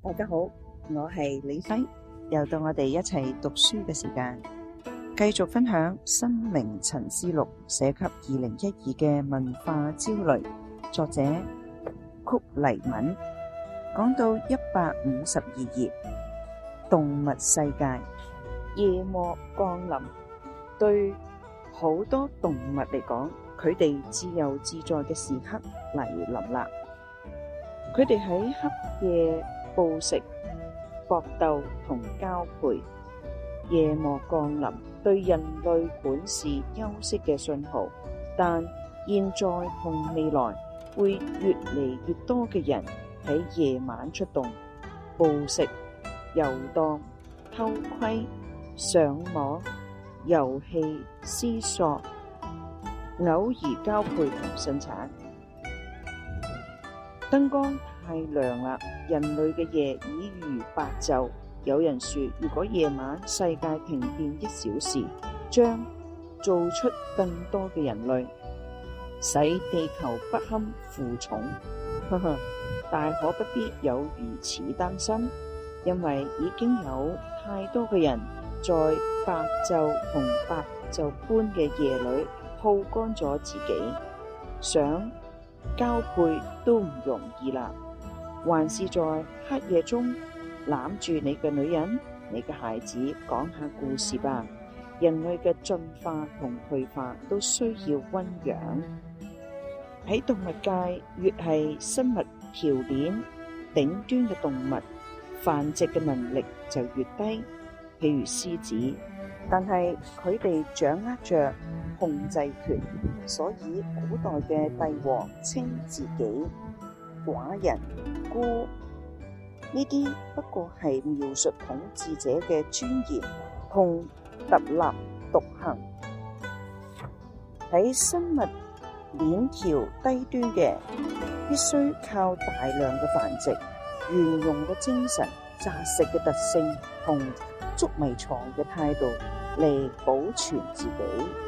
大家好，我係李輝，又到我哋一齊讀書嘅時間，繼續分享《生命沉思錄》寫給二零一二嘅文化焦慮，作者曲黎敏講到一百五十二頁，動物世界。夜幕降臨，對好多動物嚟講，佢哋自由自在嘅時刻嚟臨啦，佢哋喺黑夜。捕食、搏鬥同交配。夜幕降臨，對人類本是休息嘅信號，但現在同未來會越嚟越多嘅人喺夜晚出動，捕食、遊蕩、偷窺、上網、遊戲、思索，偶爾交配同生產。燈光太亮啦，人類嘅夜已如白晝。有人說，如果夜晚世界停電一小時，將做出更多嘅人類，使地球不堪負重。呵呵，大可不必有如此擔心，因為已經有太多嘅人在白晝同白晝般嘅夜裏耗乾咗自己，想。交配都唔容易啦，還是在黑夜中攬住你嘅女人，你嘅孩子講下故事吧。人類嘅進化同退化都需要溫養。喺動物界，越係生物條鏈頂端嘅動物，繁殖嘅能力就越低，譬如獅子，但係佢哋掌握着。控制權，所以古代嘅帝王稱自己寡人、孤，呢啲不過係描述統治者嘅尊嚴同特立獨行。喺生物鏈條低端嘅，必須靠大量嘅繁殖、原用嘅精神、雜食嘅特性同捉迷藏嘅態度嚟保存自己。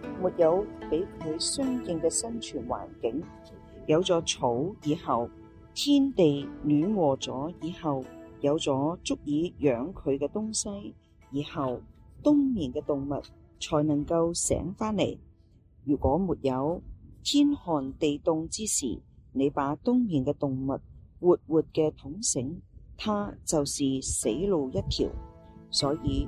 沒有俾佢相應嘅生存環境，有咗草以後，天地暖和咗以後，有咗足以養佢嘅東西以後，冬眠嘅動物才能夠醒翻嚟。如果沒有天寒地凍之時，你把冬眠嘅動物活活嘅捅醒，它就是死路一條。所以。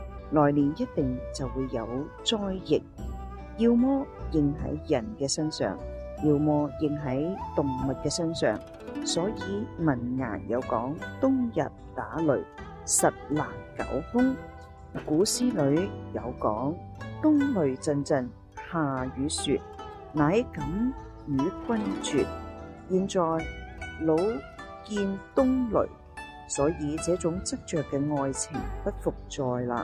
來年一定就會有災疫，要麼應喺人嘅身上，要麼應喺動物嘅身上。所以文言有講：冬日打雷，實難久風。古詩裏有講：冬雷陣陣，夏雨雪，乃敢與君絕。現在老見冬雷，所以這種執着嘅愛情不復再啦。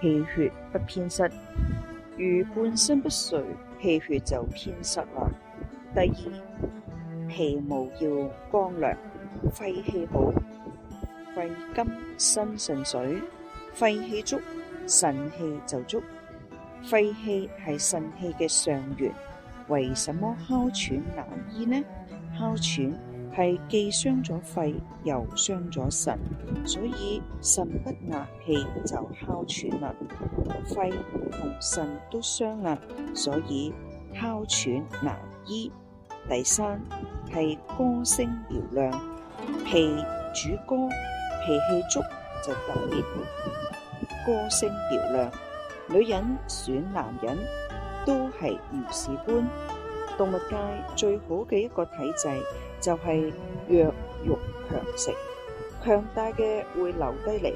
氣血不偏失，如半身不遂，氣血就偏失啦。第二，皮毛要光亮，肺氣好，肺金生腎水，肺氣足，腎氣就足。肺氣係腎氣嘅上源，為什麼哮喘難醫呢？哮喘？係既傷咗肺，又傷咗腎，所以腎不納氣就哮喘啦。肺同腎都傷啦，所以哮喘難醫。第三，係歌聲嘹亮，脾主歌，脾氣足就特別歌聲嘹亮。女人選男人都係如是觀，動物界最好嘅一個體制。就係弱肉強食，強大嘅會留低嚟，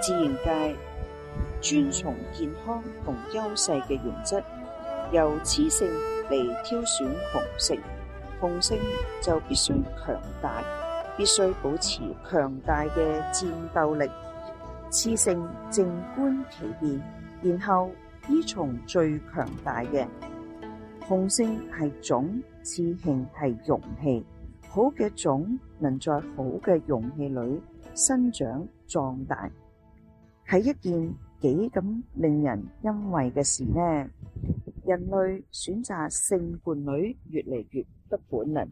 自然界遵從健康同優勢嘅原則，由雌性嚟挑選雄性，雄性就必須強大，必須保持強大嘅戰鬥力。雌性靜觀其變，然後依從最強大嘅。雄性係種，雌性係容器。好嘅種能在好嘅容器裏生長壯大，係一件幾咁令人欣慰嘅事呢？人類選擇性伴侶越嚟越不本能，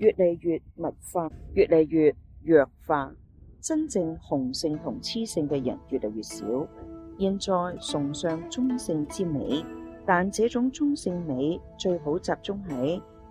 越嚟越物化，越嚟越弱化，真正雄性同雌性嘅人越嚟越少。現在崇尚中性之美，但這種中性美最好集中喺。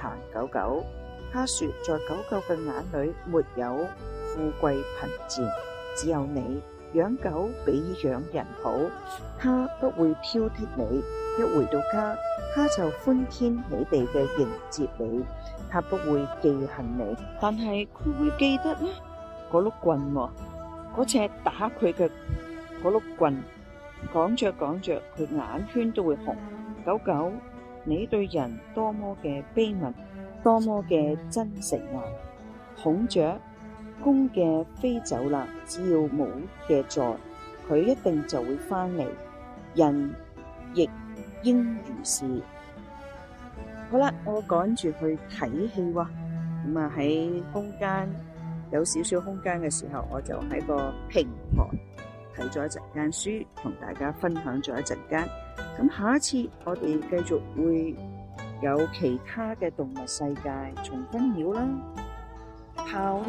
談狗狗，他說在狗狗嘅眼裏沒有富貴貧賤，只有你，養狗比養人好，它不會挑剔你，一回到家，它就歡天喜地嘅迎接你，它不會記恨你，但係佢會記得呢，嗰碌棍，嗰隻打佢嘅嗰碌棍，講着講着佢眼圈都會紅，狗狗。你對人多麼嘅悲憫，多麼嘅真誠啊！孔雀公嘅飛走啦，只要母嘅在，佢一定就會翻嚟。人亦應如是。好啦，我趕住去睇戲喎。咁啊，喺、嗯、空間有少少空間嘅時候，我就喺個平台睇咗一陣間書，同大家分享咗一陣間。咁下一次我哋繼續會有其他嘅動物世界，松針鳥啦、豹啦、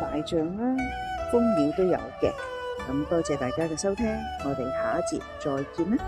大象啦、蜂鳥都有嘅。咁多謝大家嘅收聽，我哋下一節再見啦。